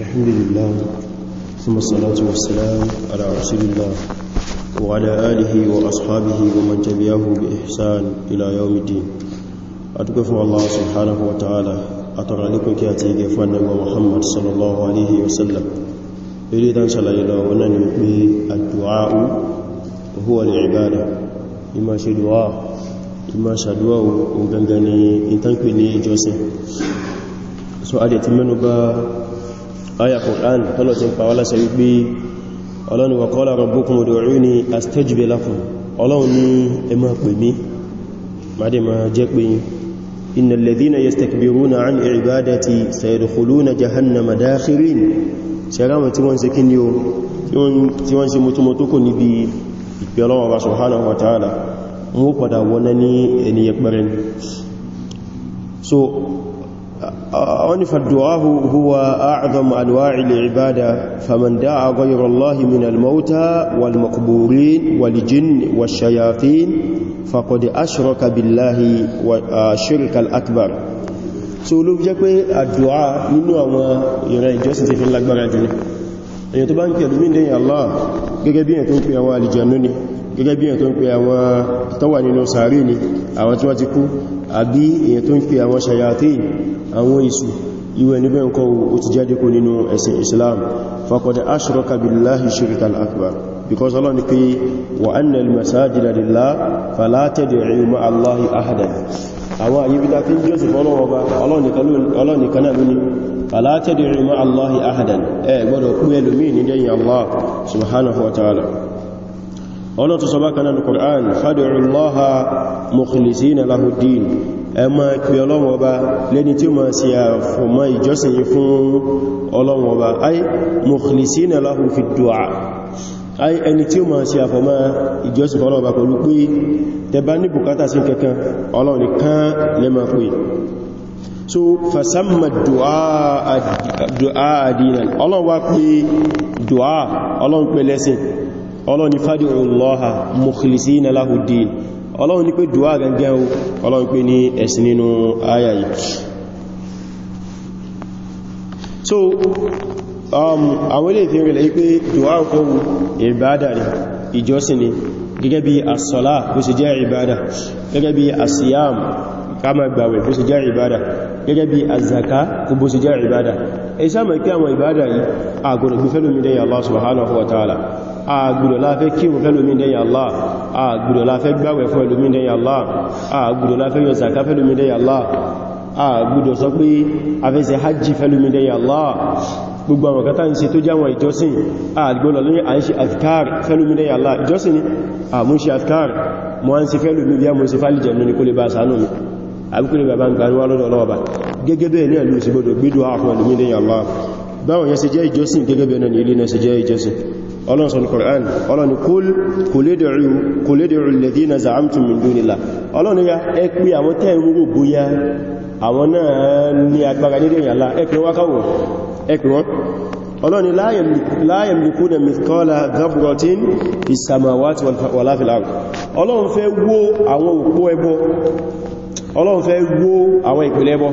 الحمد لله ثم الصلاة والسلام على رسول الله وعلى آله وأصحابه ومن تبعه بإحسان إلى يوم الدين أتكفى الله سبحانه وتعالى أترى لكم كاتي قفان محمد صلى الله عليه وسلم يريد أن صلى الله ونن الدعاء هو العبادة إما شي إما شدوى وغنغني إن تنكني جوسي سؤالي تمنوا aya Qur'an tọ́lọ̀ ti ń pa wálá sẹ́yí pé ọlọ́ni wa qala rabbukum ud'uni astajib lakum ọlọ́run ní ẹ máa pè mí máde máa jẹ́ pé innal ladhina yastakbiruna an ibadati sayadkhuluna jahannama dakhirin ṣẹ́ráwọn tí wọ́n ṣe kí ni o tí wọ́n ṣe mútúmọ̀tó kò níbi so wọ́n fàdùwáhù huwa a'zam anwa'i al-ibada faman da'a ghayra Allahi min al-mauta wal maqburin wal jinn wal shayatin faqad ashraka billahi wa shirka al-akbar so ló jẹ́ pé àdùwá nínú àwọn ìrìn ìjọsìn ti fi lágbára jù ní èyàn tó bá ń kẹ̀lú mí lẹ́yìn Allah gẹ́gẹ́ bí èyàn ń pè àwọn àlìjànú ni gẹ́gẹ́ bí èyàn ń pè àwọn tó nínú sàárè ni àwọn tí wọ́n ti kú àbí èyàn tó ń pè àwọn ṣayàtíì àwọn èṣù ìwẹ̀ níbẹ̀ ń kọ́ ó ti jáde kó nínú ẹ̀sìn Islam faqad ashraka billahi shirkal akbar because Allah ni pé wa anna al-masajida lillah fala tad'u ma'a Allahi ahadan àwọn àyíbí ta fi ń jọ́sìn fọ́lọ́wọ́ba Allah nìkan náà lónìí fala tad'u ma'a Allahi ahadan ẹ gbọ́dọ̀ kú ẹlòmí ní dẹ́yìn Allah subhanahu wa ta'ala ọlọ́tọ̀ sọ bákanáà ní ẹ máa pè ọlọ́run ọba lẹ́ni tí ó máa ṣe àfọ̀mọ́ ìjọsìn yìí fún ọlọ́run ọba ay mukhlisina lahu fi du'a ay ẹni tí ó máa ṣe àfọ̀mọ́ ìjọsìn ọlọ́run ọba pẹ̀lú pé tẹba ní bùkátà sí kankan ọlọ́run nìkan lẹ máa pè so fasamma ni fad'u allaha ọlọ́run ní pé dùwà gangan o ọlọ́run pé ní ẹ̀sìn nínú ayà yìí so um, àwọn ilé ìfihàn rẹ̀ pé dùwà kọ́ ìbádà rẹ̀ ìjọsìn ni gẹ́gẹ́ bí asọ́lá bó ṣe jẹ́ ìbádà gẹ́gẹ́ bí asiyam kama gbàwẹ̀ bó ṣe jẹ́ ìbádà gẹ́gẹ́ bí azaka bó ṣe jẹ́ ìbádà ẹ̀ṣà mọ̀ pé àwọn ìbádà yìí àgbọ̀dọ̀ gbé fẹ́lómi dẹ́yìn Allah subhanahu wa ta'ala àgbọ̀dọ̀ láfẹ́ kírun fẹ́lómi dẹ́yìn Allah àgbọ̀dọ̀ láfẹ́ gbáwẹ̀ fún ẹlòmí dẹ́yìn Allah àgbọ̀dọ̀ láfẹ́ yọ zaka fẹ́lómi dẹ́yìn Allah àgbọ̀dọ̀ sọ pé afẹ́sẹ̀ hajji fẹ́lómi dẹ́yìn Allah gbogbo àwọn kátà ń ṣe tó jáwọn ìjọsìn àgbọ́lọ̀ lórí à ń ṣe afkar fẹ́lómi dẹ́yìn ìjọsìn ni àmúṣe afkar mọ́ ń ṣe fẹ́lómi bí a mọ́ sí kó lè bá sánú mi àbíkó lè bàbá ń gbà ní wá lọ́dọ̀ ọlọ́ọ̀bá gẹ́gẹ́ bẹ́ẹ̀ ní ẹ̀lú ìsìgbọ́dọ̀ gbídò ààfún ẹlùmí ní báwọn yẹn ṣe jẹ́ ìjọsìn gẹ́gẹ́ náà ní ilé náà ṣe jẹ́ ìjọsìn ọlọ́run na ya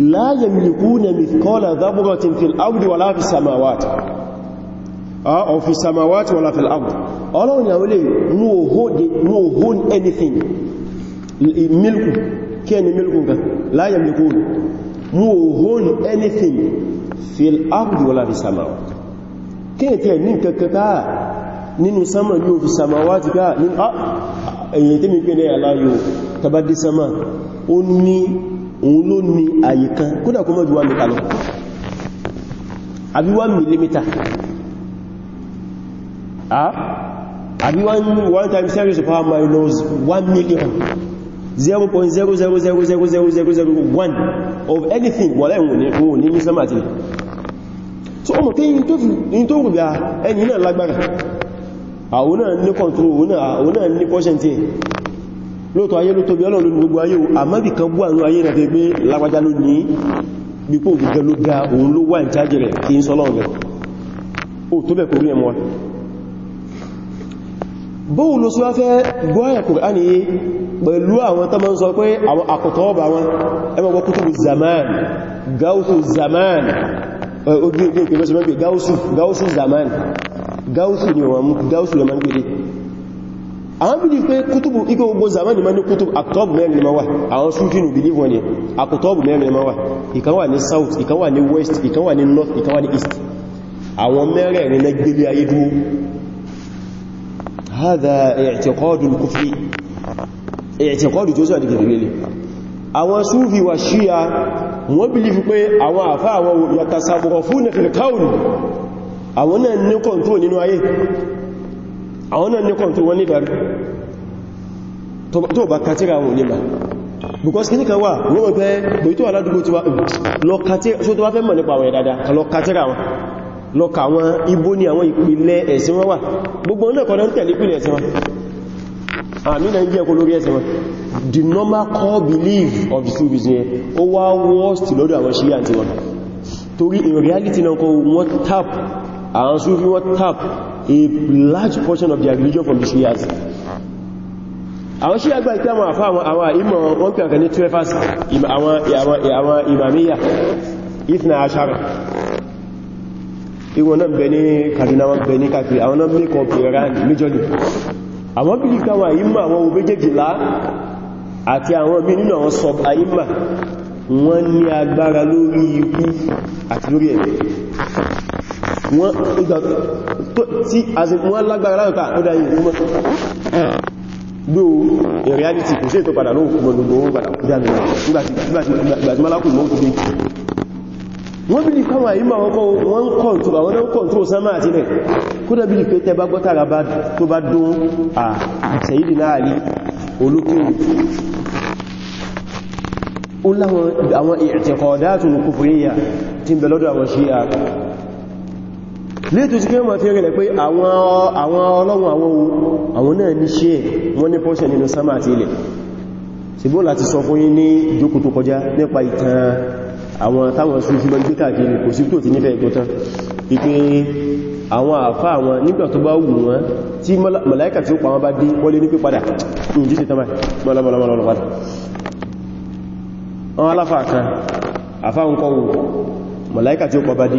la yamlikuna mithqala dhabaratin fil ardi wala fis samawati aw fis samawati wala fil ardi Ọlọ́run ya wole no hold no hold anything milku keni milku kan la yamlikuna no hold anything fil ardi wala fis samawati kete ni kakata nínú sama yo fis samawati ka ni ah eyin temi pe ni ala yo tabaddi sama ó ní òun ló ní àyè kan kódà kó mọ́ ju 1 mítà lọ àbí 1 millimeter àbí 1 times series of power minus 1 million 0.0000001 of anything wọ́lẹ̀ ìwò ní ní sẹ́mà àti so ọmọ kí yí tó rùgbà ẹni náà lágbára àwọn náà ní control àwọn náà ní portion lóòtọ́ ayé ló tóbi ọlọ́run gbogbo ayé àmọ́bì kan bú àrùn ayé rẹ̀ fi gbé lágbàjá ló ní gbípò gẹ́gẹ́ ló ga òun ló wà ìjájẹ̀ rẹ̀ kí ń sọ́lọ́ rẹ̀ ó tó bẹ̀ kórí ẹmọ́ bóò wọn ẹmọ́ ni wọ́n gáúsù lọ àwọn bí i pé kútùbù ipé ogbó zamani ma ní kútùbù akọtọ́bù mẹ́rin ni ma wà àwọn súnkínù believe wọn ni akọtọ́bù mẹ́rin ni ma wà ìkan wà ní south ìkan wà ní west ìkan wà ní north ìkan wà ní east àwọn mẹ́rẹ̀ẹ̀rin na gbélé ayé dúró hadha àwọn náà ní kọ̀ntó wọ́n nígbàrí tó bá kàtíra wọn ní ma because kíníkà wà wọ́n mọ̀ pé bèé tó aládùgbò ti wá lọ wọn the normal core belief of the two business ó wá worst lọ́dọ̀ àwọn ṣíyà àti wọn torí in reality náà kọ wọ́n tap àwọn súnfí wọ́n tap a large portion of their religion from the Shias àwọn Shia gba ìpé àwọn àfá àwọn ìmọ̀ wọn pè àkàní 12 àwọn ìmàmíyà ìfìnà àṣàrà ìwọ̀n náà bẹ̀ ní Kaduna wọn bẹ̀ ní kàkiri àwọn náà mẹ́kọ̀ pèrà méjọ́lì àwọn bí káwọn àyíma àwọn obéjèjìlá àti àwọn bí nínú àwọn sọ àyíma wọ́n ní agbára lórí ikú àti lórí wọ́n ìgbà tí wọ́n lágbára láwọ́ká ọdá yìí wọ́n mọ́sán ló in reality kò sí ètò padà lóòkú mọ́ gbogbo wọn padà kúrò àmì ìgbàtí malakú mọ́ kúrò wọ́n bí káwà yí máa wọ́n wọ́n kọ̀ntúrò àwọn náà kọ̀ntúrò sánmà àti ilẹ̀ kódà bí pé tẹ bá gbọ́tàrà bá tó bá dún à sẹ̀yìdì náà rí olókèrè ó láwọn àwọn ìtẹ̀kọ̀ọ̀dá tún kúfúríyà tí ń àwọn ṣíyà léètò sí kí wọ́n ma fi rìnlẹ̀ pé àwọn ọlọ́run àwọn àwọn náà ní ṣe wọ́n ní pọ́ṣẹ̀ nínú sámà àti ilẹ̀ ṣìgbó láti sọ fún yín ní jókòó tó kọjá nípa ìtàn àwọn táwọn sí ṣúgbọ́n gbé káàkiri kò sí tó ti nífẹ̀ẹ́ ìgbótán ipé àwọn àfá àwọn nígbà tó bá wù wọ́n tí màláíkà tí ó pa wọ́n bá dé wọ́n lé ní pé aláfà kan àfá ń kọ́ tí ó pa bá dé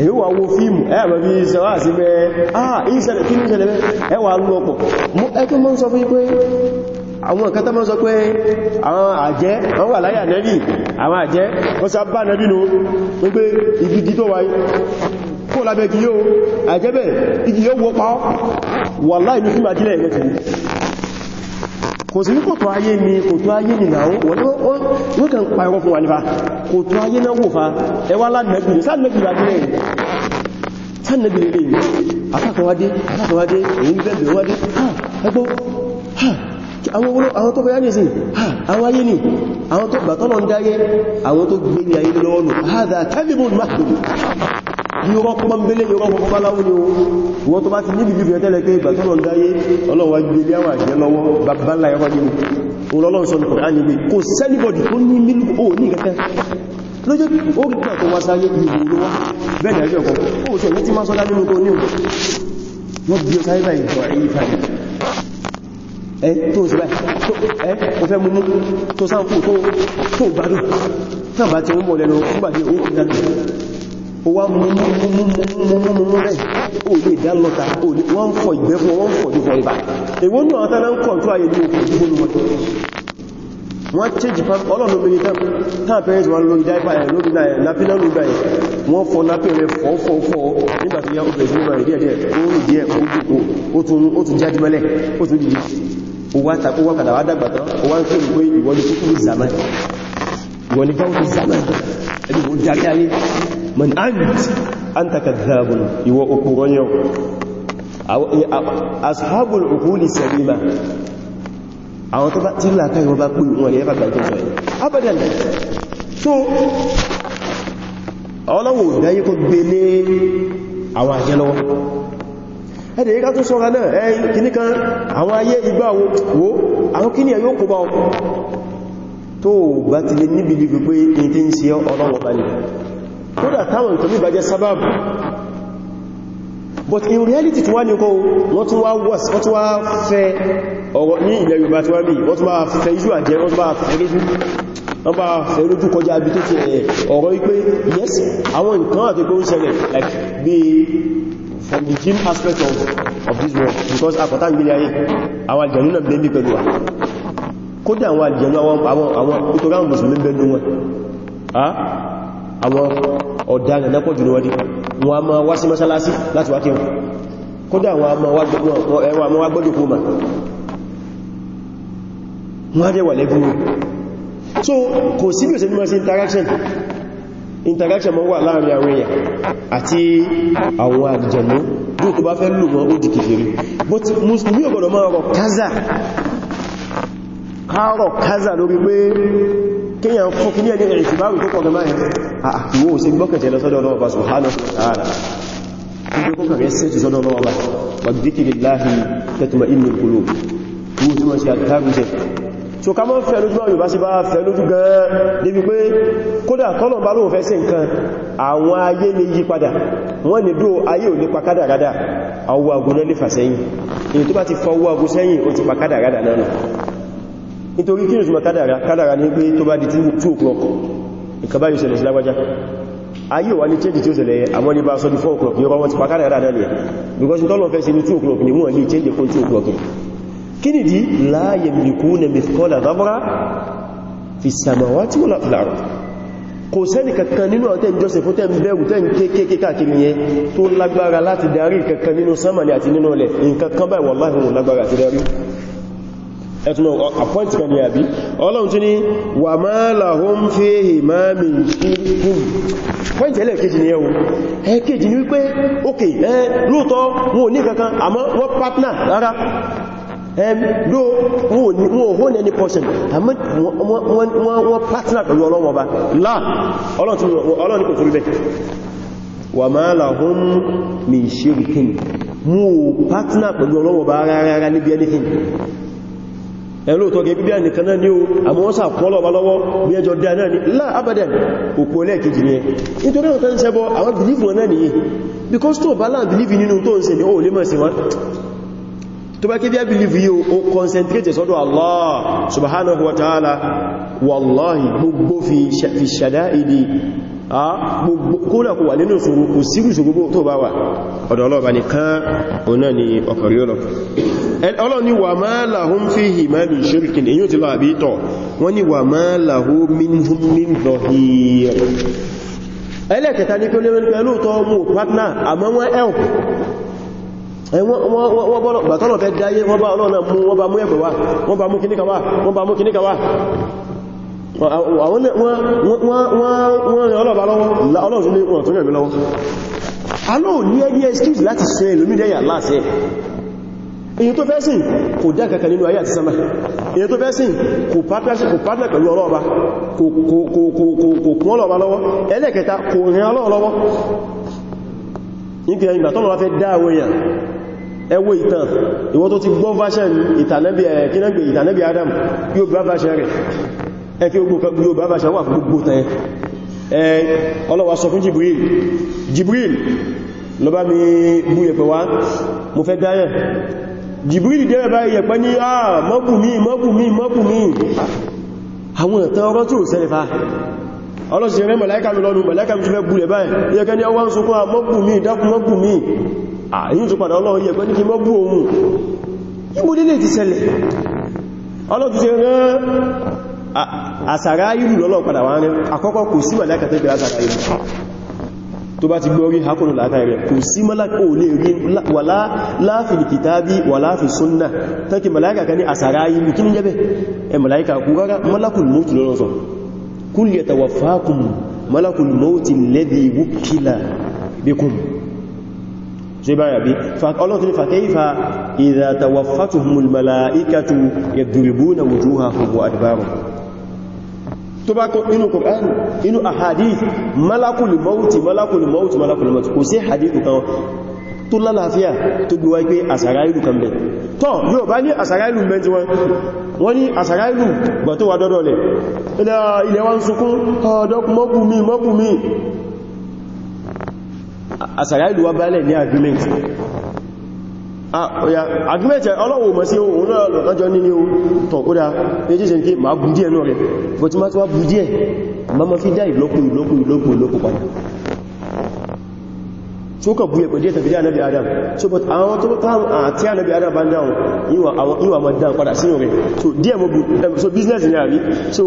èyí wà wo fíìmù ẹ̀mọ̀ bí sọ́wọ́ sí pé ah ìṣẹ̀lẹ̀ kí ní ìṣẹ̀lẹ̀ bẹ́ ẹwà rú ọpọ̀ ẹkùn mọ́ sọ fún pé àwọn nǹkan tó mọ́ sọ pé àwọn àjẹ́ wọ́n wà láyà nẹ́bì àwọn àjẹ́ wọ́n sá bá nẹ́bì ló pé ìgbìgì tó wáyé kó lábẹ́ kí yóò àjẹ́bẹ̀ ìgbì yóò wọ́pá wà láì ní fún àjílẹ̀ ìrẹ́tìrí kò sí ní kòtò ayé ni kòtò ayé ni náà wọ́n kàn pa ẹwọ́ fún wa nípa kòtò ayé náà wò fa ẹwà lánàbìrì sánàbìrì agbẹ̀rẹ̀ sánàbìrì lè ní afákanwádé afákanwádé èyí ń bẹ̀bẹ̀ wádé ẹgbọ́ àwọn tó kọjá ní ìsìn àwọn ayé ni àwọn irọ́ pọ́nbélé irọ́ pọ́nbáláwó ni wọ́n tó bá ti níbi jùlọ tẹ́lẹ̀ pé ìgbà tọ́lọ̀ dáyé ọlọ́wà gbélé àwọn àjẹ́ lọ́wọ́ babalá ẹwà nínú olọ́lọ́ sọ nìkan á níbi kò sẹ́nìbọ̀dì tó ní mílùú ò ní ìrẹ́fẹ́ lójú ó rí pẹ̀ tó wá sáyé ìlú olówá bẹ́ẹ̀ ni ẹjọ́ kan mú mú tó sáà tó gbádùn náà bá ti ń mọ̀ lẹ́nu fúgbàdé ó kìí ó wá mú rẹ̀ ó lè dá lọ́ta wọ́n fọ ìgbẹ́ fún wọ́n fọ ìgbẹ́ ìbá èwọ́n ní àwọn tánà ń kọ̀ tó ayé ní òkú ìgbónú wọn wọ́n tẹ́jì pa ọlọ́run mi ní tán tán pẹ̀rẹ́ wọn lórí dáìpá ẹ̀ lórí nápínà lórí ẹ̀ wọ́n fọ nápínà fọ́ man ant anta kadhabun ìwọ okuronyo ashabul uquli salima àwọn tó bá ti la kai wọ́n bá pé wọ́n lè bá gbà tó sọ abadan so ọlọ́wọ̀ dáyé kó gbé lé àwọn àjẹ́ lọ́wọ́ ẹ̀dẹ̀ yíká tó sọ́ra náà ẹ̀yìn kìní kan àwọn ayé igbá wo àwọn kìní ẹ̀yọ́ kò bá ọkọ̀ tó bá ti lè níbi bí pé ní tí ń ṣe ọlọ́wọ̀ bá nìyàn kódà táwọn nǹkan bí bàjẹ́ sábàbù but in reality tí wá ní kọ́ wọ́n tún wá wọ́s wọ́n tún wá fẹ́ ọ̀rọ̀ ní ilẹ̀ Yorùbá tí wá bí wọ́n tún bá fẹ́ iṣu àjẹ́ wọ́n tún bá fẹ́ lójú wọ́n bá fẹ́ lójú kọjá bí tó ti ẹ̀ ọ̀rọ̀ wípé yes àwọn nǹkan àti pé ó ń ṣẹlẹ̀ like bí from the gym aspect of, of this world because akọ̀tá ń gbélé ayé àwọn àjẹ̀nú náà bẹ́ẹ̀ bí pẹ̀lú wa kódà àwọn àjẹ̀nú àwọn àwọn àwọn ìtọ́gáwọn mùsùlùmí bẹ́ẹ̀ wọn àwọn ọ̀daràn lẹ́pọ̀ jùlọ wọ́n dé wọn a máa wá sí mọ́sálásí láti wá kẹwọn kódà wọn a máa wá gbọ́dọ̀ kó ma wọ́n á dẹ̀ wà lẹ́gbùn so kò sí bí ó ṣe interaction interaction mọ́ wà láàrin àwọn èèyàn àti àwọn but musulmi ọgbọ̀dọ̀ máa rọ̀ kázà káàrọ̀ kázà lórí pé kíyàn fún kí ní ẹni rẹ̀ ìsìbáwì tó pọ̀gbọ́n máa ah, àkíwò ah, sí gbọ́kẹ̀tẹ̀ lọ́sọ́dọ̀ ọlọ́wọ́ bá subhanahu wa ta'ala kí ó kọ̀rẹ̀ sí ti sọ́dọ̀ ọlọ́wọ́ bá wa dhikrillahi tatma'innul qulub kí ó túnmọ̀ sí àtàrùsẹ̀ so ká mọ́ fẹ́ lójú ọ̀yọ̀ bá sí bá fẹ́ lójú gan-an débi pé kódà tọ́nà bá lóòfẹ́ sí nǹkan àwọn ayé ní yí padà wọ́n ní dó ayé ò ní pakádàrádà ọwọ́ agun náà lè fà sẹ́yìn èyí tó bá ti fọwọ́ agun sẹ́yìn ó ti pakádàrádà náà nítorí kí ìsúnmọ̀ kádàrà kádàrà ní pé tó bá di 2 o'clock nǹkan báyìí ṣẹlẹ̀ sí lágbájá ayé wà ní change tí ó ṣẹlẹ̀ àwọn ní bá sọ di 4 o'clock ní ọwọ́ ti pa kádàrà dáadáa ní ẹ̀ 2 o'clock ní wọ́n ní change 2 o'clock kí ni la yamlikuna mithqala dharra fi samawati wala fil ard kò sẹ́ni kankan nínú ọ̀tẹ́ ìjọsìn fún tẹ́m bẹ̀rù tẹ́m kéèkéé káàkiri yẹn tó lágbára láti darí kankan nínú sánmà ní àti nínú ọlẹ̀ ẹ̀tùnà appoint kan ní àbí ọlọ́run tún ní wà máa lahum fihi ma min shirkun point ẹlẹ́ẹ̀kejì ni ẹwọ ẹ̀kejì ni wípé ok ẹ lóòtọ́ wọn ò ní kankan àmọ́ wọ́n partner rárá ẹ̀dọ́ wọn ò hone any person àmọ́ wọ́n partner pẹ̀lú ọlọ́run ọba láà ọlọ́run kò tún bẹ́ wà máa lahum min shirkun mú partner pẹ̀lú ọlọ́run ọba rárá níbi anything ẹ̀rọ tó gẹ̀ bíbí ẹnìkan náà ní o àmọ́ wọ́n sàpọ́lọ̀ bá lọ́wọ́ bí ẹjọ́ dá náà ní láà abadan òpó ẹlẹ́ẹ̀kejì ni ẹ nítorí àwọn tó ń ṣẹbọ àwọn belief wọn náà nìyí because tó bá láà belief nínú tó ń ṣe ní ó lè mọ̀ sí Ah, kódà kò wà nínú ìṣòro kò sírù ìṣòro tó bá wà ọ̀dọ̀ ọlọ́ọ̀bá nìkan ọ̀nà ni ọkọ̀rí ọlọ́ ọlọ́ ni wà máa lahum fihi máa lè ṣirkin èyí ti lọ àbí tọ̀ wọ́n ni wà máa lahu minhum min dhahir ẹlẹ́kẹta ní kí ó lérò pẹ̀lú mú partner àmọ́ wọ́n rẹ̀ ọlọ́ọ̀bá lọ́wọ́ ọlọ́ọ̀tún ní wọ́n tó rẹ̀ mi lọ́wọ́ alóò ní ẹni excuse láti ṣe ìlúmídẹ́yà láti ẹ̀ èyí tó fẹ́ sìn kò dá kankan nínú ayé àti sánmà èyí tó fẹ́ sìn kò pàtàkì pẹ̀lú ọlọ́ọ̀bá kò kún ọlọ́ọ̀bá lọ́wọ́ ẹlẹ́kẹta kò rìn ọlọ́ọ̀lọ́wọ́ nígbẹ̀ ìgbà tọ́lọ́wọ́ fẹ́ dáwọ́ èèyàn ẹwọ́ ìtàn ìwọ́n tó ti gbọ́ version ìtànẹ́bí adam yóò gbá version rẹ̀ ẹfí ogun yóò bá ṣe wà fún gbogbo tẹ́ ọlọ́wà sọ fún Jibril Jibril lọ bá mi bú yẹ̀pẹ̀ wá mo fẹ́ dáyẹ̀ Jibril dẹ́rẹ̀ bá yẹ̀pẹ̀ ní àà mọ́bù mi mọ́bù mi mọ́bù mi àwọn ẹ̀tàn ọ̀rọ̀ tí ò ṣẹlẹ̀ fa ọlọ́sìn rẹ̀ mọ̀láíkà mi lọ́nu mọ̀láíkà mi tún fẹ́ búlẹ̀ báyìí yẹ́kẹ́ ní àsàrá ìrù lọ́lọ́ padà wá ní àkọ́kọ́ kò sí màláìkà tó gbé àsàrá ìrù tó bá ti gbọ́rí hakùnù látàrí rẹ̀ kò sí màláìkà ò lè rí wàlá láàfin kìtàbí wàlá fi súnnà tàkì màláìkà kan ní àsàrá ìrù kí ní jẹ́bẹ̀ ẹ màláìkà kú rárá malakul mọ́tù tó bá kọ inú Qur'an inú ahadith malakul mawuti malakul mawuti malakul mawuti kò sí hadithu kan tó lálàáfíà tó gbé wáyé pé àsàrá ìlú kan bẹ̀ tọ́ yóò bá ní àsàrá ìlú bẹ̀ tí wọ́n ní àsàrá ìlú gbà tó wà dọ́dọ̀ lẹ̀ ilẹ̀ wọn sunkún ọ̀dọ́kùn mi mọ́bù mi àsàrá ìlú wá agreement àyà àgbẹ́tẹ̀ ọlọ́wọ̀ mọ̀ sí ohun náà lọ́jọ́ nílé o tàn kódà méjì sí pé ma bù díẹ̀ náà rẹ̀ bọ̀ tí ma tí wá bù díẹ̀ ma ma fi dá ìlọ́pù ìlọ́pù ìlọ́pù ìlọ́pù padà tí ó kà bú ẹ̀pẹ̀ díẹ̀ tàbí ànábì adam so but àwọn tó táwọn àti ànábì adam bá ń dáhùn yíwa ma dáhùn padà sínú so díẹ̀ mo bú so business ni àrí so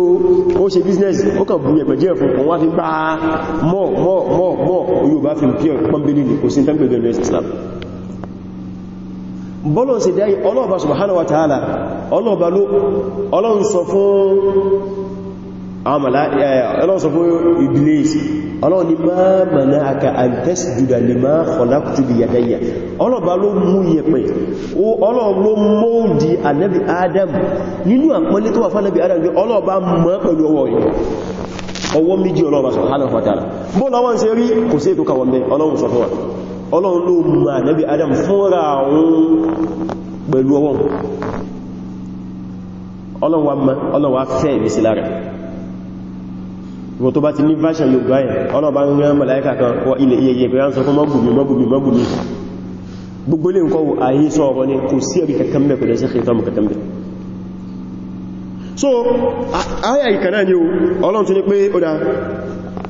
ó ṣe business ó kà bú ẹ̀pẹ̀ díẹ̀ fún òun wá fi gbá mọ́ mọ́ mọ́ mọ́ yóò bá fi pure pọ́nbélé ní kò sí tẹ́m̀pẹ̀lẹ̀ Islam bọ́lọ̀ sí dáyé ọlọ́ọ̀bá subhanahu wa ta'ala ọlọ́ọ̀bá ló ọlọ́run sọ fún ọlọ́run sọ fún Iblis ọlọ́run ni ma mana'aka an tasjuda lima khalaqtu bi yadayya ọlọ́ọ̀bá ló mú yẹpẹ̀ ọlọ́run ló mọ́ọ̀dì ànábì Adam nínú àpọ́nlé tó wà Adam ọlọ́ọ̀bá mọ́ pẹ̀lú ọwọ́ yìí ọwọ́ méjì ọlọ́ọ̀bá subhanahu wa ta'ala bọ́ọ̀lọ́wọ́n ṣe rí kò sí ètò kàwọn mẹ́ ọlọ́run sọ fún wa ọlọ́run ló mú ànábì adam fúnra òun pẹ̀lú ọwọ́n ọlọ́run wa mọ́ ọlọ́run wa fẹ́ ìrísí lára ìwọ̀n tó bá ti ní version yóò gbáyẹ̀ ọlọ́run bá ń rán mọ̀láíkà kan kọ ilẹ̀ iyẹyẹ pẹ̀lú àwọn sọ fún mọ́gbùmí mọ́gbùmí mọ́gbùmí gbogbo lè kọ́ àyí sọ ọ̀rọ̀ ni kò sí ẹ̀rí kankan mẹ́ kò kìtọ́ mọ̀ kankan mẹ́ so ayà ìkànnà ni ó ọlọ́run tún ní pé ó dá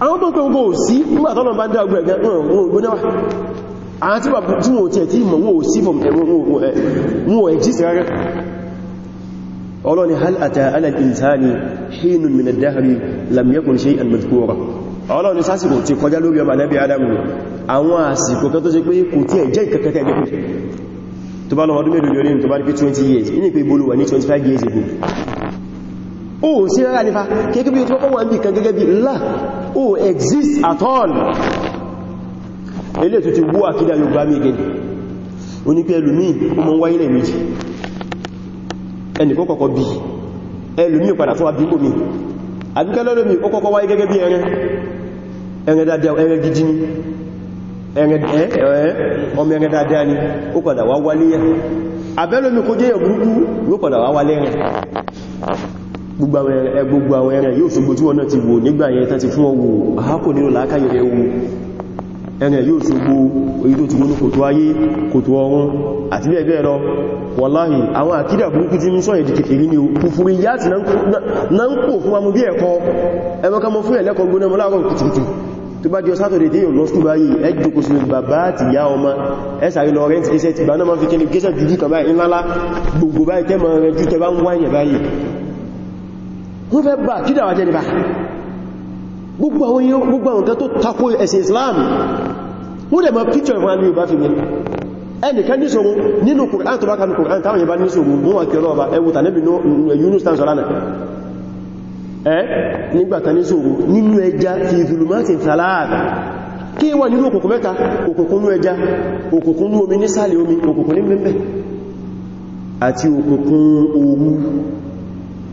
àwọn tó kọ̀ọ̀kọ̀ sí nígbàtọ́nà bá dá ọgbẹ̀ ẹ̀gẹ́ ọ̀rọ̀ àwọn tí bàbá tí wọ́n tẹ̀ tí mọ̀ wọ́n sí fún ẹ̀wọ̀n exist rárá ọlọ́ni hal ata ala al-insani hinun min ad-dahri lam yakun shay'an madhkura ọlọ́ni sásìkò ti kọjá lórí ọba nẹ́bí adamu àwọn àsìkò kan tó ṣe pé 20 years inú pé bolúwà 25 years ago ó sí rárá nípa kéèkéé bí ó tó kọ́ wọ́n ó exist at all ilé tó ti wú àkídà Yorùbá mi gẹ̀ẹ́ onípẹ́ ẹlùmí ọmọ wáyé lẹ́ méjì ẹnìkan kọ́kọ́ bí ẹlùmí padà fún abíkò mi abíkẹ́ lọ́lọ́mí ó kọ́kọ́ wáyé gẹ́gẹ́ bí ẹran ẹran dáadáa ẹran gidi ni ọmọ ẹran dáadáa ni ó padà wá wálé yẹn abẹ́lómi kó jẹ́ ẹ̀gbùrúkú ló padà wá wálé rẹ̀ gbogbo àwọn ẹran yóò ṣogbo tí wọ́n náà ti wò nígbà yẹn tán ti fún ọwọ́ àhákò nínú làákàyè rẹ̀ wò ẹran yóò ṣogbo orí tó ti wọ́n ní kòtò ayé kòtò ọ̀run àti bẹ́ẹ̀ bẹ́ẹ̀ lọ wàláhì tí na ń pò fún amú bí ẹ̀kọ́ ẹmọ́ká mọ́ fún ẹ̀lẹ́kọ̀ọ́ gbóná mọ́ láàárọ̀ kùtùkùtù tó bá jọ sátọ̀dẹ̀ tí yóò lọ sí báyìí ẹjọ́kù sí bàbá àti ìyá ọmọ ẹsàrí lọ rẹ̀ ti ṣe ti bá náà ma fi kí ní gẹ́sẹ̀ jùjú kàbáyìí ńlá gbogbo báyìí tẹ́ rẹ̀ jù tẹ́ ń wáyẹ̀ báyìí wọ́n fẹ́ bá kí dáwà jẹ́ nípa gbogbo àwọn nǹkan tó tako ẹ̀sìn Islam wọ́n dẹ̀ ma picture ìwọ̀n alú ìbá fi mi ẹnìkan ní ṣòro nínú Kùrán tó bá kanú Kùrán táwọn yẹba ní ṣòro wọ́n wà kẹrọ ọba ẹwù tàbí Yunus tán sọ́lánà ẹ́ nígbàtà ní ṣòro nínú ẹja fi zulumatin thalatha kí wà nínú òkùnkùn mẹ́ta òkùnkùn ní ẹja òkùnkùn ní omi nísàlẹ̀ omi òkùnkùn ní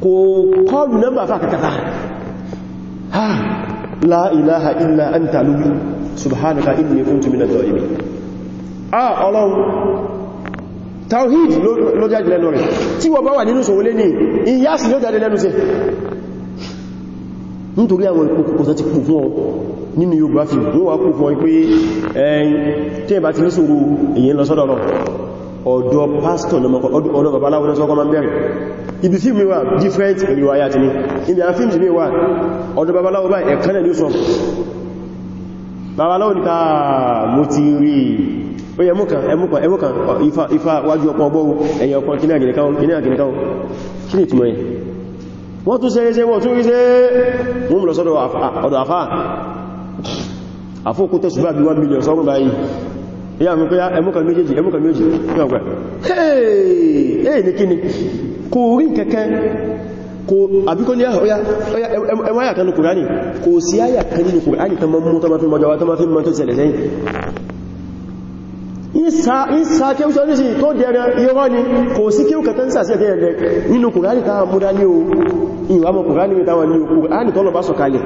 kò kọlù nọ́mbà fà ha la ilaha illa anta lórí subhanaka inni kuntu minad dhalimin a ọlọ́run tawhid ló jáde lẹ́nu rẹ̀ tí wọ́n bá wà nínú sòwò lé ní ìyásí ló jáde lẹ́nu sí nítorí àwọn tó ti pò fún ọ nínú geography wọ́n wá pò fún ọ pé ọ̀dọ̀ pastor na mọ́kọ̀ ọ̀dọ̀ babaláwo náà sọ́kọ́ ma ń bẹ̀rẹ̀ ibi fíìmù mi wà different riwaya ti ní ibi àwọn fíìmù mi wà ọ̀dọ̀ babaláwo bá ẹ̀kánẹ̀ ní sọ babaláwo ní ká mú ti rí ó yẹ múkan ẹmúkan ẹmúkan ifá wájú ọpọ̀ ọgbọ́ ẹ̀yẹ ọpọ̀ kí ní àgìnìkáwó kí ní ìtumọ̀ yẹ wọ́n tún sẹ́rẹ́ sẹ́wọ́ tún rí sẹ́ mú mú lọ sọ́dọ̀ àfá àfókútẹ́sùgbà bí 1 million sọ́rún báyìí ìyá mi pé ah, ẹmúkà méjèèjì ẹmúkà méjèèjì yọ̀gbẹ̀ ẹ̀ẹ́ ní kíni kò rí kẹ́kẹ́ kò àbíkọ́ ní ẹwà àyà kan ní kùránì kò sí àyà kan nínú kùránì tán mọ́ tán fi mọ́jọwà tán fi mọ́ tó ṣẹlẹ̀ sẹ́yìn ìsá kí ó ṣe oníṣì tó dẹ̀rẹ̀ irọ́ ni kò sí kí ó kẹta ń sàṣẹ́ dẹ̀rẹ̀ nínú kùránì táwọn múdá ní o ìwà mọ̀ kùránì mẹ́ta wọn ní o kùránì tọ́lọ bá sọ̀kalẹ̀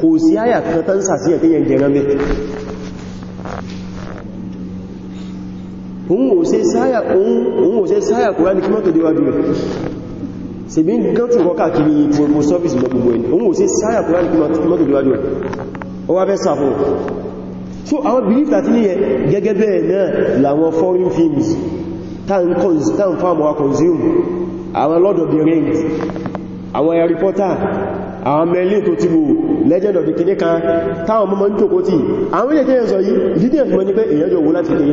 kò sí àyà kẹta ń òun ò ṣe sáyà òun ò kí mọ́tò déwájú rẹ̀ se bí gán tún kọ́ káàkiri promo service lọ gbogbo ẹni òun ò ṣe sáyà Kùránì kí mọ́tò déwájú rẹ̀ ó wá fẹ́ sàfún so àwọn belief tàti ní yẹ gẹ́gẹ́ bẹ́ẹ̀ náà làwọn foreign films tán fáàmù wa consume àwọn Lord of the Rings àwọn Harry Potter àwọn mẹ́lì tó ti legend of the kìdí kan táwọn mọ́mọ́ ń jòkó tí àwọn ilé tẹ́yẹ̀ sọ yìí dídẹ̀ mọ́ ní pé èyànjọ́ wó láti kìdí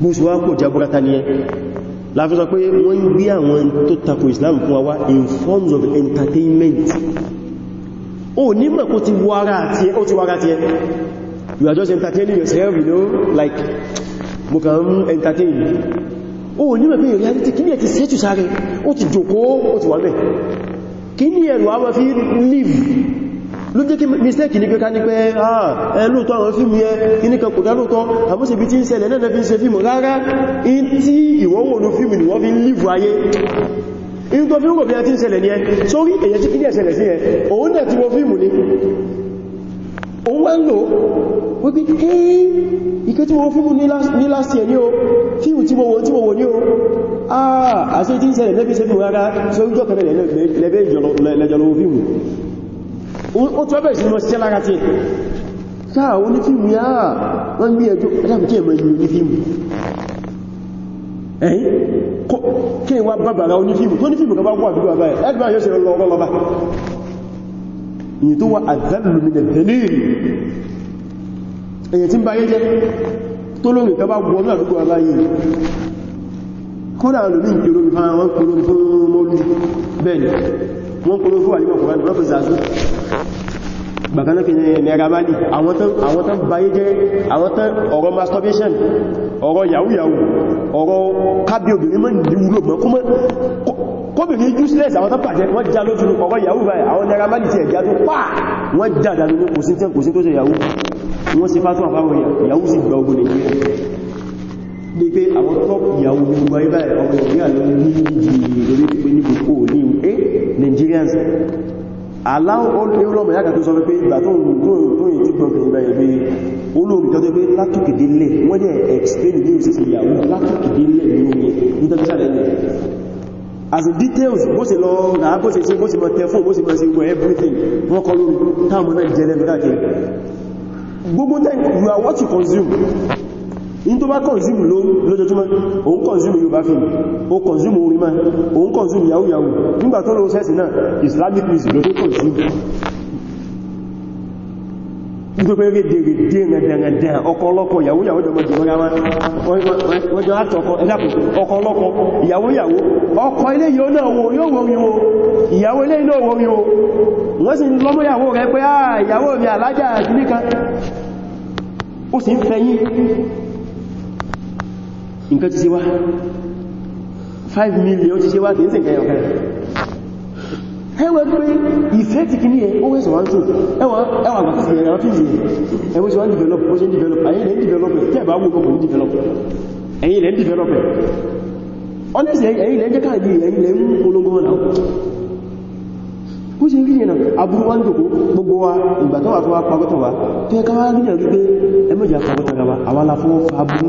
bó ṣe wá pò jaburata ní ẹ láfíìsọ pé wọ́n ń gbé àwọn tó tako Islam fún wa in forms of entertainment o nígbà kó ti wára àti ẹ o ti wára àti ẹ you are just entertaining yourself you know like mo kàn ń entertain o nígbà pé reality kí ní ẹ ti sẹ́tù sáré o ti jòkó o ti wà bẹ̀ kí ní ẹ̀rù a fi live ló jẹ́ kí mistake ní kíká ní pé ah ẹlòótọ́ àwọn fíìmù yẹ iníkan kò dálótọ́ àmúsìbí tí ń ṣẹlẹ̀ náà fi ń ṣe fíìmù rárá in tí ìwọ́wọ̀nú fíìmù ni wọ́n fi ń lífù ayé in tó fi ń rọ̀bí ẹtí ń ṣẹlẹ̀ ní ẹ sórí èyẹ tí kí ní ẹ̀ṣẹlẹ̀ sí ẹ òun náà ti wọ fíìmù ni òun wá ń lò wípé ẹ́ẹ́ ìké tí wọ́n fíìmù ní last year ní o fíìmù tí wọ́n tí wọ́n ní o àà ah, àṣẹ́ tí ń ṣẹlẹ̀ lẹ́bí sẹ́fíìmù rárá sórí jọ́ kẹrẹ lẹ́bẹ̀ẹ́jọ́lọ́wọ́ fíìmù ó tó bẹ̀rẹ̀ sí lọ ṣiṣẹ́ lára tí káà onífíìmù yá wọ́n gbé ẹjọ́ ẹjàmù kí ẹ̀mọ̀ ìlú onífíìmù ẹ̀yìn kí wá bàbàrà onífíìmù tó onífíìmù kan bá wà dúdú àbáyẹ ẹgbà yóò ṣe lọ lọ́ba ìyìn tó wà àdálù mi nẹ̀tẹ̀lẹ́rì èyàn tí ń báyé jẹ́ tó lórí kan bá wọ́n àdúgbò àbáyé kódà lórí ìpèrò mi fún àwọn kòrò fún mọ́lú bẹ́ẹ̀ ni wọ́n kòrò fún àlímọ̀kùnrin wọ́n fi zàzú bàkánà kìí nẹ́ra bá lì àwọn tán báyé jẹ́ àwọn tán ọ̀rọ̀ masturbation ọ̀rọ̀ yahoo yahoo ọ̀rọ̀ kábí obìnrin mọ́ ìwúlò mọ́ kó mọ́ kóbìnrin useless àwọn tán pàjẹ́ wọ́n já lójú ọ̀rọ̀ yahoo báyìí àwọn nẹ́ra bá lì ti ẹ̀gá tó pàà wọ́n já dànù ní kò sí tẹ́ kò sí tó ṣe yahoo wọ́n sì fásún àfáwọn yahoo sì yahoo ní gbogbo ayé báyìí ọmọ Nàìjíríà ló ní ìjì lórí pé eh, Nigerians aláwọ̀ olóòmọ̀ yàgà tó sọ pé ìgbà tó ń tó yìí tí gbọ́nkẹ̀ ìgbà ìgbé olóòmì kan tó pé látòkèdélẹ̀ wọ́n dẹ̀ explain ní òsìsì ìyàwó látòkèdélẹ̀ ní omi ní tọ́jú sálẹ̀ ní as in details bó ṣe lọ rà bó ṣe ṣe bó ṣe mọ̀ tẹ́fún bó ṣe mọ̀ sí wọ́n everything wọ́n kọ lórí táwọn náà jẹ́ lẹ́nu káàkiri gbogbo time you are what you consume in tó bá kọ̀nsúmù lójoojúmọ́ o n yóò bá o kọ̀nsúmù orin o n kọ̀nsúmù yahoo yahoo nígbà tó lóun sẹ́sì náà islamic music ló tó kọ̀nsúmù nítorí dèrèdè rẹ̀dẹ̀rẹ̀dẹ̀ ọkọ̀ ọlọ́kọ̀ ìyàwó ìyàwó jọmọ jùmọ́ wọ́n jọ láti ọkọ̀ ọkọ̀ ilé náà wọ́n wọ́n lọ́mọ́yàwó rẹ̀ pé ah, nǹkan ti ṣe wá 5 million ti ṣe wá kìí sí nǹkan ẹ̀yọ̀kan ẹwẹ́ pé ìfẹ́ ti kí ní ẹ ó wẹ́sọ̀ wọ́n tó ẹwà àgbàkùsì ẹ̀rọ fíìsì ẹwẹ́ sí wọ́n develop ó ṣe ń develop ẹ̀yìn develop tí ẹ̀bá wọ́n kọkùn ní develop honestly ẹ̀yìn lẹ́ ń jẹ́ káàkiri ẹ̀yìn lẹ́ ń polongo náà ó ṣe rí ẹ̀nà àbúrú wá ń jòkó gbogbo wa ìgbà tó wà tó wá pàgọ́tọ̀ wa tó ẹ ká wá rí ẹ̀rí pé ẹmọ́jà pàgọ́tọ̀ wa àwálà fún àbúrú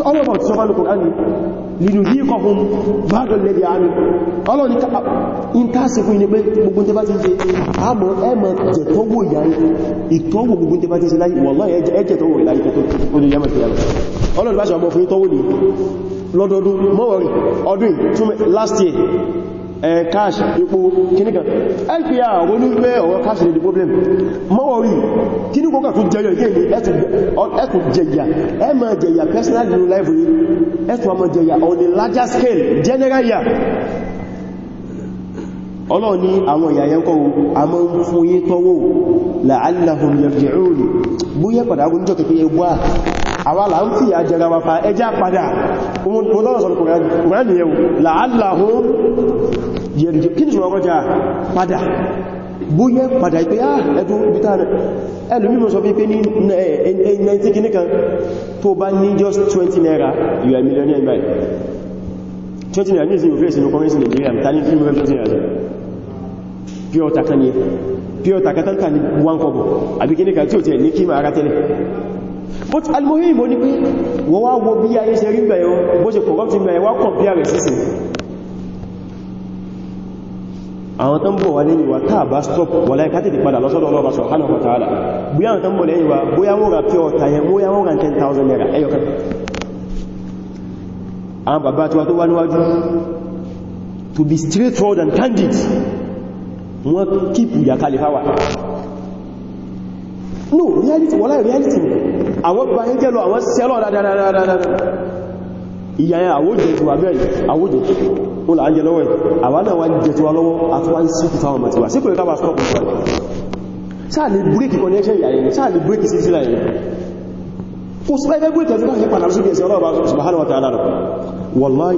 so all about several Qur'an linuhiqahum ba'da alladhi amil Allah ni in ta se fún ni pé gbogbo tẹ́ bá tin ṣe àmọ́ ẹ má jẹ towo ìyà itowo gbogbo tẹ́ bá tin ṣe láyé wallahi ẹ jẹ towo láyé tó tó ni yama tiyama Allah ba ni lọ́dọọdún mo wori ọdún last year cash epo kíní kan lpa àwọn cash ní the problem mọ́wọ̀rí kíní kọ́kà tún jẹyọ ìkéèlé ẹ̀tù ẹkùn jẹyà ẹ ma jẹyà personal nínú life yìí ẹkùn ọmọ jẹyà on a larger scale general yà ọlọ́run ní àwọn ìyàyẹ́kọ́ a mọ́ ń fún yí tọ́wọ́ la'allahum yarji'un bóyẹ́ padà agun jọ kẹfẹ́ ẹgbọ́ àwà là ń fi àjẹra wa fa ẹjá padà mọ́lọ́rọ̀ sọ̀rọ̀ kùnrin yẹ̀wò la'allahum yarji'un kí ni sọ̀rọ̀ padà bóyẹ́ padà ìpé ah, ẹlùmí mọ́ sọ fí pé ní ẹ̀ẹ́nẹ́tí kìíní kan tó bá ní just 20 naira you are millionaire by 20 naira ní ìsìn òfin ìsìn òkọrin ìsìn Nigeria ta ní fíìmù rẹ̀ 20 naira pure taka ní pure taka tán ta ní one kọ́bọ̀ àbí kìíní kan tí ò tẹ̀ ní kí máa rá tẹ́lẹ̀ but almohim ó ní pé wọ́n wá wo bí ayé ṣe rí gbẹ̀yọ bó ṣe corrupt gbẹ̀yọ wá compare rẹ̀ sísìn àwọn tó bọ̀ wà lẹ́yìn wa táà bá stop wà láì padà lọ́sọ́dọ̀ ọlọ́ba subhanahu wa ta'ala àwọn tó bọ̀ lẹ́yìn wa bóyá wọ́n ra pure ọ̀tà yẹn bóyá wọ́n ra 10,000 naira ẹyọkan àwọn bàbá tí wa tó wá níwájú to be straightforward and candid wọ́n kíp ìyàkalẹ̀ fáwà no reality wọ́n láì reality ni àwọn gba ń jẹ́ lọ àwọn sẹ́lọ̀ dáadáa ìyàyà àwójẹ̀ ìwàbẹ̀ ó là ń jẹ lọ́wọ́ ẹ̀ àwọn náà wá jẹ tó wá lọ́wọ́ àtúwá ń sí fún àwọn mọ̀tíwà sí pẹ̀lú káwà stop ìfẹ́ sáà lè búrékì connection ìyà yìí sáà lè búrékì sí sílá yìí kò sí láìpẹ́ búrékì ẹ̀fẹ́ láti padà sókè sí ọlọ́ọ̀bá subhanahu wa ta'ala lọ wallahi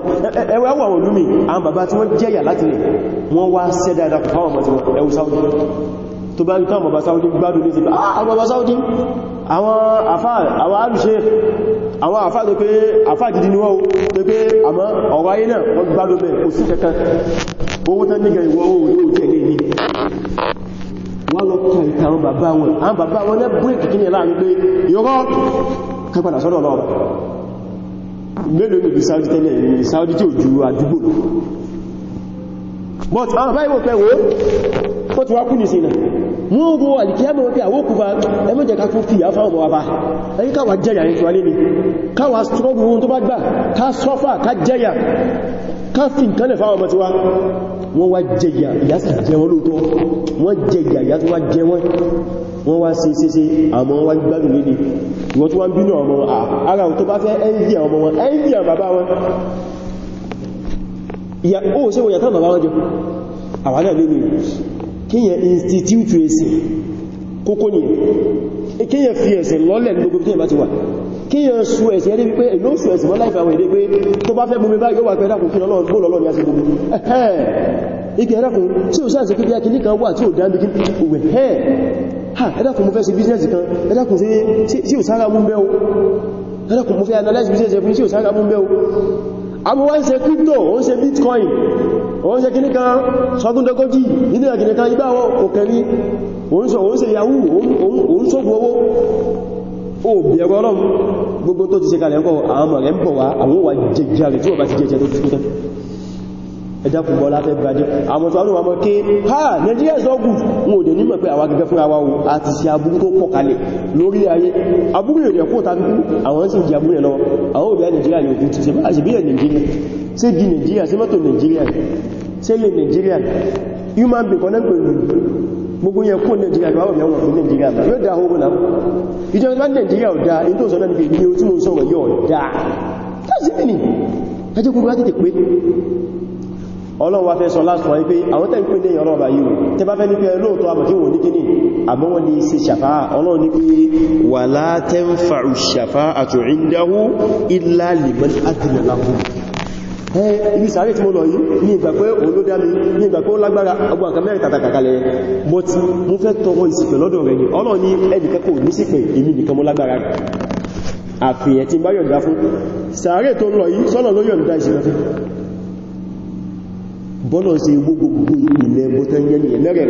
ẹwẹ́ àwọn àwọn olúmi àwọn bàbá tí wọ́n jẹ́yà láti lè wọ́n wá sẹ́ dáadáa kò fáwọn mọ̀tíwà ẹwù sáwọ́dí tó bá ń tán bàbá sáwọ́dí gbádùn ní ti bá ah, àwọn bàbá sáwọ́dí àwọn àfáà àwọn alùsẹ́ àwọn àfáà tó pé àfáà gidi ni wọ́n tó pé àmọ́ ọ̀rọ̀ ayé náà wọ́n gbádùn bẹ̀ kò sí kankan owó tán nígbà ìwọ̀ owó yóò tẹ̀lé ní wọ́n lọ kọ ìta àwọn bàbá wọn àwọn bàbá wọn lẹ́ búrẹ́kì kí ní láàrin pé yọ́rọ̀ kápadà sọ́dọ̀ lọ́wọ́ mélòó níbi Saudi tẹ́lẹ̀ Saudi tí ò ju àdúgbò but àwọn báyìí mọ̀ pẹ́ ó ti wá kú nìsìn náà wọ́n wo alìkíyàmọ̀ wọ́n pé àwọn òkúfà ẹmọ́jẹ̀ ká fún fìyà fáwọn ọmọ ẹni káwà jẹ́yà ní tùwálé ni káwà strọ́bù ohun tó bá gbà ká sọ́fà ká jẹ́yà ká fi nǹkan lẹ̀ fáwọn ọmọ tiwa wọ́n wá jẹ́yà ìyásà jẹ wọn lóòtọ́ wọ́n jẹ́yà ìyásà wá jẹ wọn wọ́n wá sí sí sí àmọ́ wá gbádùn lédè wọ́n tó wá ń bínú ọmọ ara tó bá fẹ́ ẹ́yìn kíyàn institute ẹ̀sìn kókó ní ẹ̀ kíyàn fi ẹ̀sìn lọ́lẹ̀ lógo kíyàn bá ti wà kíyàn sú ẹ̀sìn ẹ̀dẹ́ wípé èlò sú ẹ̀sìn mọ́ láìfà àwọn èdè pé tó bá fẹ́ mú mi bá yóò wà pẹ́ dákùn kí lọ́lọ́run yá sí gbogbo ike ẹ̀dàkùn tí ó sáàsì kí bí akìní kan wà tí ó dáa bí kí òwẹ̀ ẹ̀ ẹ̀dàkùn mo fẹ́ sí bísínẹ̀sì kan ẹ̀dàkùn sí ò sára mú bẹ́ o ẹ̀dàkùn mo fẹ́ analyze bísínẹ̀sì fún sí ò sára mú bẹ́ o àmúwá ń ṣe crypto ó ń bitcoin òun ṣe kíní kan sọdúndẹ́gójì nínú ẹ̀kìní kan ibá àwọn òkèrí òun ṣe yahoo òun ṣòfò owó ó bẹ̀rọ ọlọ́run gbogbo tó ti ṣe kalẹ̀ ń kọ́ àwọn ọmọ rẹ̀ ń bọ̀ wá àwọn wà jẹjẹrẹ tí wọ́n bá ti jẹjẹrẹ tó ti kú ẹjákùn bọ́lá fẹ́ gbádé àwọn tó wọ́n mọ́ kí ha Nigeria is not good wọn ò dẹ̀ nímọ̀ pé àwọn gẹ́gẹ́ fúnra wa o a ti ṣe aburú tó pọ̀ kalẹ̀ lórí ayé aburú ìrìn ẹ̀kọ́ tàbí àwọn sì jẹ aburú ẹ̀ lọ àwọn òbí Nigeria yóò fi ti ṣe bá ṣe bí ẹ̀ Nigeria ṣe di Nigeria ṣe mọ́tò Nigeria ṣe lè Nigeria human being kan pẹ̀lú gbogbo yẹn kó Nigeria tó wọ́n mẹ́wọ̀n fún Nigeria yóò dá owó náà ìjọba bá Nigeria ò dá in tó sọ náà níbi ìdí tí mo sọ̀rọ̀ yóò dá that's it ẹjẹ́ gbogbo láti tẹ̀ pé ọlọ́run wá fẹ́ sọ last one pé àwọn tẹ́ ń pè lẹ́yìn ọlọ́run báyìí o tẹ́ bá fẹ́ ní pé lóòtọ́ àbọ̀kí wò ní kíní àmọ́ wọ́n lè ṣe ṣàfáà ọlọ́run ní pé ní ìgbà pé òun ní pé ó lágbára ọgbọ̀n nǹkan mẹ́rin tàtàkàkalẹ̀ but tí bá yọ̀ǹda fún sàárè tó ń lọ yìí sọ́nà ló yọ̀ǹda ìsìnkẹ̀ bọ́nà ṣe wó gbogbo ìpìlẹ̀ bọ́tẹ́yẹn yẹn mẹ́rẹ̀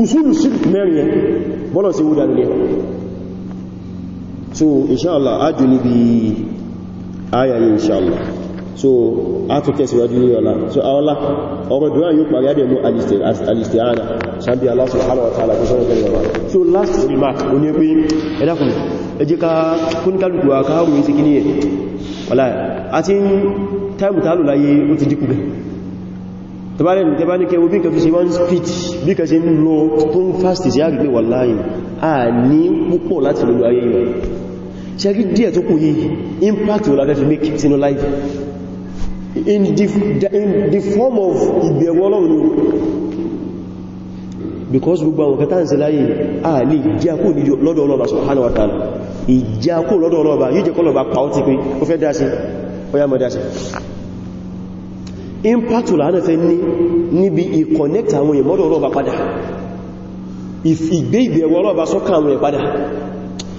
usulu mẹ́rin yẹn bọ́nà ṣe wó dànù so inshallah ájú níbi ayayi inshallah so a tún tẹ̀síwájú ní ọ̀la so ọlá ọ̀rọ̀ ìdúrà yóò parí adẹ̀ mú alistiana Allah subhanahu wa ta'ala kó sọ́rọ̀ tẹ́lẹ̀ so last remark o ní pé ẹ̀dàkùn ẹjẹ́ ká kúnkálùkù àkáhùn ìsìnkí ní ẹ̀ ọ̀la àti táìmù tààlù láyé ó ti tó bá lẹ́nu tẹbá ní kẹwọ bí kẹfí ṣe one speech bí kẹ ṣe ń lo tó ń fast sí àgbẹ̀ wàláyìn a ní púpọ̀ láti lórí ayé ìwà ṣẹ́rí díẹ̀ tó kù yìí impact wọ́n láfẹ́ fi make sínú life in the, in the form of ìbẹ̀wọ́ ọlọ́run because gbogbo àwọn kẹta ń ṣe láyé a lè ìjákò lọ́dọ̀ ọlọ́ba subhanahu wa ta'ala ìjákò lọ́dọ̀ ọlọ́ba yíò jẹ́ kọ́lọ̀ba pàó ti pé ó fẹ́ dáṣe ó yá mọ́ dáṣe impact lánà fẹ́ ní níbi ìconnect àwọn èèyàn mọ́dọ̀ ọlọ́ọ̀bá padà ìgbé ìbẹ̀wọ̀ ọlọ́ọ̀bá sọ́kà àwọn èèyàn padà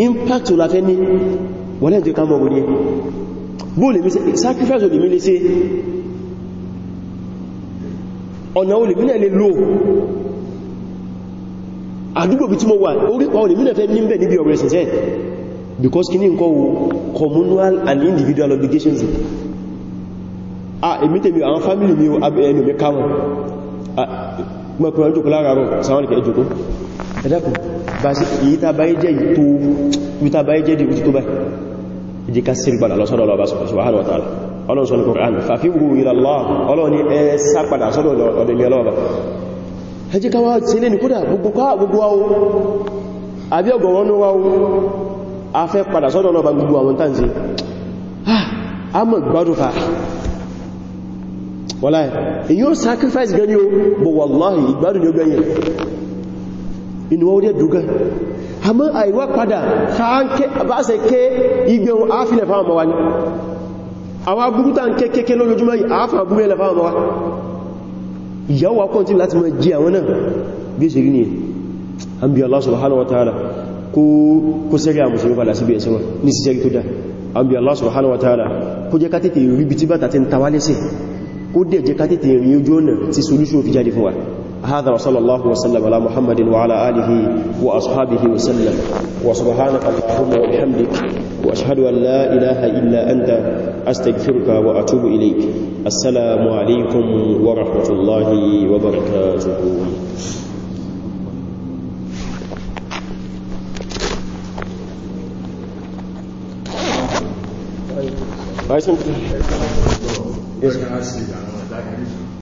impact láfẹ́ ní wọ́n lẹ́jẹ́ ká mọ̀gbọ̀n yẹ bóòlè mi sacrifice olè mi lè ṣe ọ̀nà olè mi náà lè lò àdúgbò bí tí mo wà orípa olè mi náà fẹ́ níbẹ̀ níbi ọ̀rẹ́ ṣẹ̀ṣẹ̀ because kí ní nǹkan wo communal and individual obligations ah èmi tèmi àwọn fámílì mi ẹnu mi káwọn ah, mọ̀kànlá jùkú lára rọ̀ sáwọn ìkẹ́ ìjùkú ẹ̀dẹ́kùn bá sí èyí tàbáyé jẹ́ ìtò ìtàbáyé jẹ́ ìdíkú tó báyìí ìdíká sí ìgbàdà lọ́sọ́dọ̀ lọ́bá subhanahu wa ta'ala ọlọ́run sọ ní Qur'an fàfíwò ìlàlá ọlọ́run ni ẹ sápadà sọ́dọ̀ ọ̀dẹ̀lẹ̀ ọlọ́run ẹ jẹ́ káwàá tí lè ní kódà gbogbo wa o àbí ọgọ̀wọ́n ní wa o a fẹ́ padà sọ́dọ̀ ọlọ́run gbogbo àwọn tàǹsí ah, a mọ̀ gbádùn wọ́láì èyí ó sacrifice gan ni ó bọ̀ wọ́láì ìgbádùn ni ó gẹ́yẹ̀ inú wọ́n jẹ́ dùgán àmọ́ àìwá padà báṣẹ ké igbe ohun àáfilẹ̀ fáwọn ọmọ wa ní àwọn abúrúta ń kéèkéé lójoojúmọ́ yìí àáfà abúrúlẹ̀ fáwọn Allah subhanahu wa ta'ala kó sẹ́rẹ̀ àmùsùn padà sí bí ẹ̀sẹ̀ Allah subhanahu wa ta'ala kó jẹ́ ká tètè tí bá tàtí ń tawálẹ́sẹ̀ kó dẹ̀ jẹ́ ká tètè rìn ojú ọ̀nà tí solution fi jáde fún wa هذا وصلى الله وسلم على محمد وعلى آله وأصحابه وسلم وسبحانك اللهم وبحمدك وأشهد أن لا إله إلا أنت أستغفرك وأتوب إليك السلام عليكم ورحمة الله وبركاته Weiß nicht. 也是个要习惯。